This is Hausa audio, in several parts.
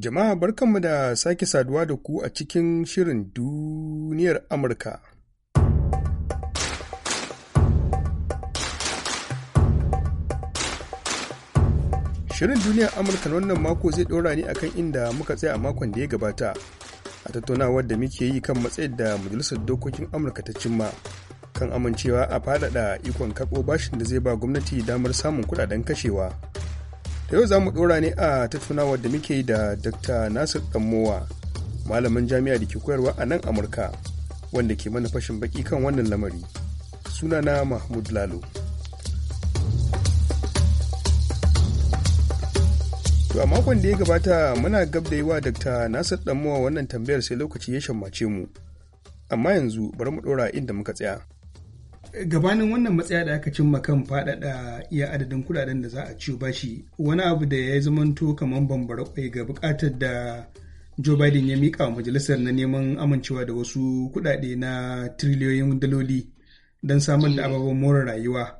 Jama'a barkanmu da sake saduwa da ku a cikin shirin duniyar Amurka. Shirin duniyar Amurka na wannan mako zai ɗora ne akan inda muka tsaya a makon da ya gabata a tattaunawar da muke yi kan matsayin da Majalisar Dokokin Amurka ta cimma kan amincewa a faɗaɗa ikon kaɓo bashin da zai ba gwamnati damar samun kuɗaɗen kashewa. da yau za mu ɗora ne a tattaunawar da muke da dr nasir danmowa malamin jami'a da ke koyarwa a nan amurka wanda ke mana fashin baki kan wannan lamari sunana mahmud lalo To a makon da ya gabata muna gab da yi wa Dr. Nasir Damowa wannan tambayar sai lokaci ya shammace mu. Amma yanzu bari mu ɗora inda muka tsaya. gabanin wannan matsaya da aka cimma kan faɗaɗa iya adadin kuɗaɗen da za a ciyo bashi wani abu da ya zamanto kamar bambara kwai ga buƙatar da joe biden ya miƙa wa majalisar na neman amincewa da wasu kuɗaɗe na triliyoyin daloli don samar da eh. ababen more rayuwa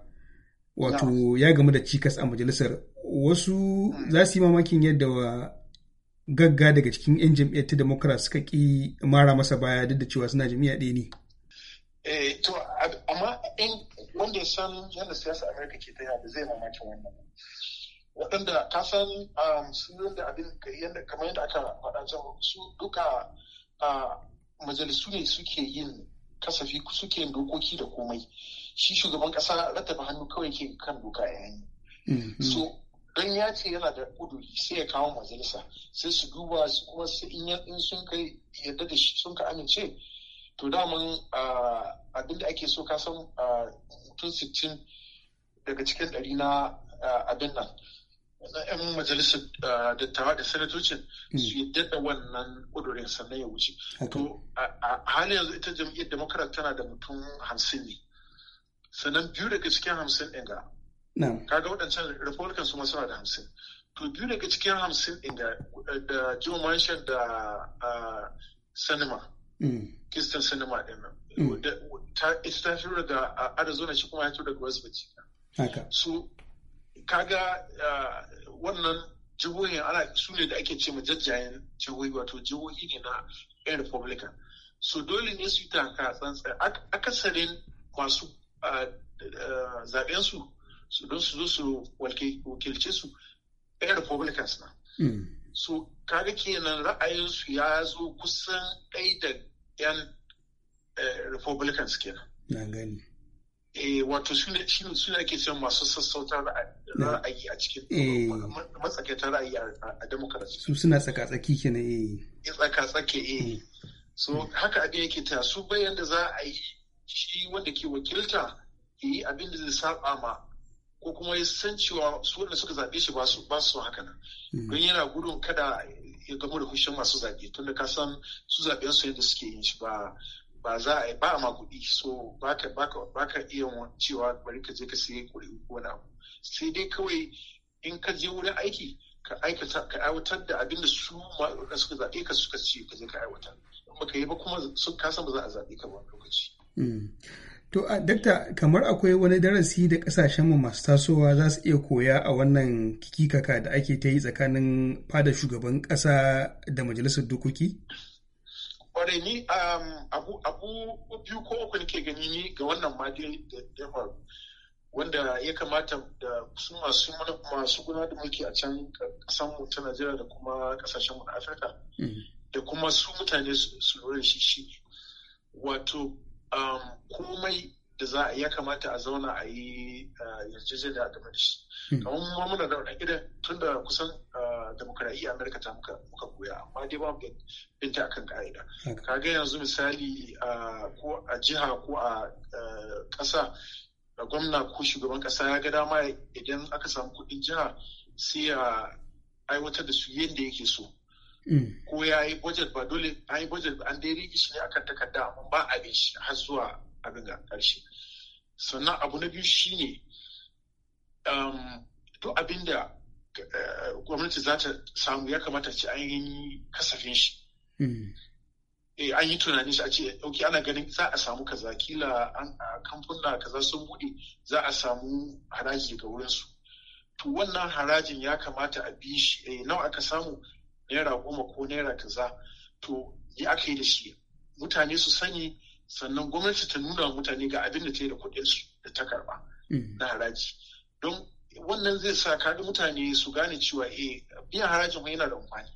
wato ya gamu da cikas a majalisar wasu hmm. za su yi mamakin yadda wa gagga daga cikin 'yan jam'iyyar ta democrat suka ƙi mara masa baya duk da cewa suna jam'iyya ɗaya ne. Eh, to amma in wanda ya san yadda siyasa amurka ke ta yada zai mamaki wannan waɗanda ka san um, su yadda abin yadda kamar yadda aka faɗa can su duka majalisu ne suke yin kasafi suke yin dokoki da komai shi shugaban ƙasa rattaba hannu kawai ke kan doka ya yi mm-hmm. so don ya ce yana da ƙuduri sai ya kawo majalisa sai su duba su kuma in sun kai yadda da shi sun ka amince to daman abinda ake so ka san mutum sittin daga cikin ɗari na abin nan na 'yan majalisar dattawa da sanatocin mm. su yi da wannan ƙudurin sannan ya wuce. To a halin yanzu ita jam'iyyar demokrat tana da mutum hamsin ne. Sannan biyu daga cikin hamsin ɗin ga. Kaga waɗancan republican su ma suna da hamsin. To biyu daga cikin hamsin ɗin ga da Joe Manchin da Sanima. Eastern mm. Cinema din nan. Mm. ta fito daga Arizona shi kuma ya tura daga West Virginia. Haka. So, kaga wannan jihohin ana su ne da ake ce ma jajjayen jihohi wato jihohi ne na 'yan Republican. So, dole ne su yi taka tsantsa. Akasarin masu zaɓensu su don su zo su wakilce su 'yan Republicans na. Mm. so kaga kenan ra'ayinsu ya zo kusan ɗai da 'yan eh, republicans kenan na gani eh wato su suna ke cewa masu sassauta ra'ayi a cikin eh. matsakaitar ra'ayi a democracy su suna tsaka-tsaki kenan eh, eh tsaka-tsake eh hmm. so haka abin yake ta su bayan da za a yi shi wanda ke wakilta yi abin da zai saba ma ko kuma ya san cewa su wanda suka zaɓe shi ba su haka nan hmm. don yana gudun kada ya gamo da kushin masu zaɓe tunda ka san su zaɓen su yadda suke yin shi ba ba za a yi ba a maguɗi so ba ka iya cewa bari ka je ka sai kuɗi ko wani abu sai dai kawai in ka je wurin aiki ka aikata ka aiwatar da abin da su ma suka zaɓe ka suka ce ka je ka aiwatar in baka yi ba kuma sun san ba za a zaɓe ka ba lokaci hmm. To, a dakta kamar akwai wani darasi da kasashen kasashenmu masu tasowa za su iya koya a wannan kikaka da ake ta yi tsakanin fada shugaban kasa da majalisar dokoki? kwarai ni um, abu biyu ko uku ke gani ni ga wannan ma da faru. Wanda ya kamata da su masu masu guna da mulki a can kasan mu ta Najeriya da kuma mu na Afirka. Mm. Da kuma su mutane su lura shi shi. Wato Um, komai da za a ya kamata a zauna a yi uh, yarjejeniya a game da shi hmm. kamar mu muna da wani idan tun da kusan uh, demokaraɗiyya amurka ta muka goya koya amma dai ba mu binta akan ka'ida kaga yanzu misali uh, ko a jiha ko a ƙasa gwamna ko shugaban ƙasa ya ga dama idan aka samu kuɗin jiha sai ya aiwatar da su yadda yake so Mm. ko ya yi budget ba dole an yi budget an dai riki shi ne akan takarda amma ba abin shi har zuwa abin ga karshe sannan abu na biyu shine um, duk abin da eh, gwamnati za ta samu ya kamata ce an yi kasafin shi mm. eh, an yi tunanin shi a ce ok ana ganin za a samu kaza kila kamfuna kaza sun buɗe za a samu haraji wurin wurinsu to wannan harajin ya kamata a bi shi eh, nawa aka samu naira goma ko naira kaza to ya aka yi da shi mutane su sani sannan gwamnati ta nuna mutane ga abin da ta yi da kuɗin su da ta karɓa mm. na haraji don wannan zai sa kaga mutane su gane cewa eh biyan harajin yana da amfani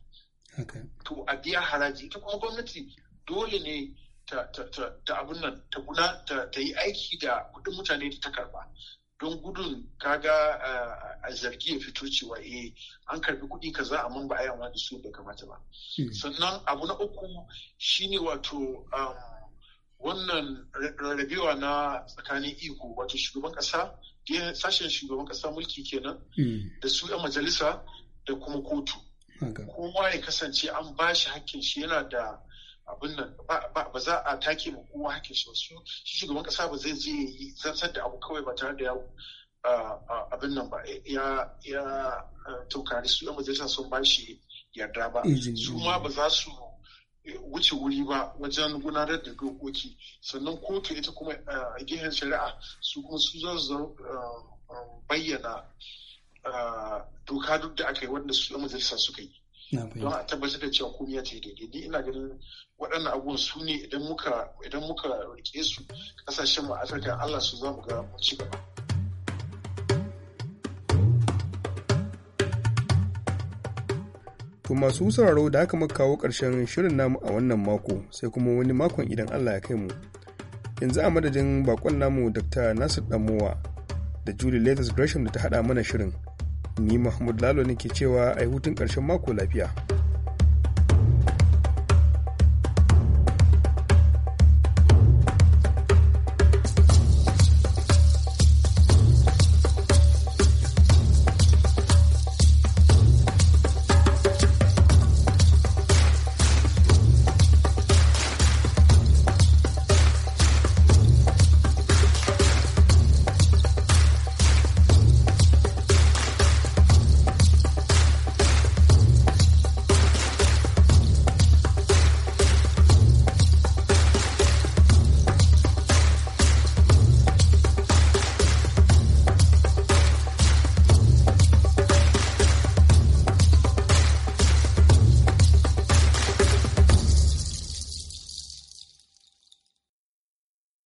to a biya haraji ita kuma gwamnati dole ne ta abin nan ta yi aiki da kuɗin mutane da ta karɓa don gudun kaga eh, a zargi ya fito cewa eh an karbi kuɗi kaza mun ba a yi amma da su bai kamata ba hmm. sannan abu na uku shine wato um, wannan rarrabewa na tsakanin iko wato shugaban kasa sashen shugaban kasa mulki kenan hmm. da su 'yan majalisa da kuma kotu kowa ya kasance an bashi shi hakkin shi yana da abin nan ba za a take mu kowa hakin shi su shi shugaban kasa ba zai je yi zartar da abu kawai ba tare da ya abin nan ba ya ya su yan majalisa sun ba shi yarda ba su ma ba za su eh, wuce wuri ba wajen gudanar da dokoki sannan kotu ita kuma a shari'a su kuma su za su bayyana doka duk da aka yi wanda su yan majalisa suka yi don a tabbatar da cewa komai ya tafi daidai ni ina ganin waɗannan abubuwan su ne idan muka idan rike su kasashen mu afirka allah su za mu ga mu ci gaba To masu sauraro da aka muka kawo ƙarshen shirin namu a wannan mako sai kuma wani makon idan Allah ya kai mu. Yanzu a madadin bakon namu Dr. Nasir Damowa da Julie Lathis Gresham da ta haɗa mana shirin. Ni Mahmud Lalo ne ke cewa a hutun ƙarshen mako lafiya.